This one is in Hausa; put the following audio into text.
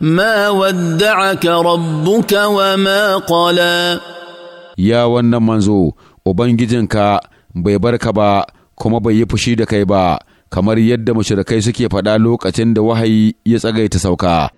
ما ودعك ربك وما قلا يا wannan manzo ubangijinka bai barka ba kuma bai yi fushi da kai ba kamar yadda mushrikai suke faɗa lokacin da wahayi ya tsagaita sauka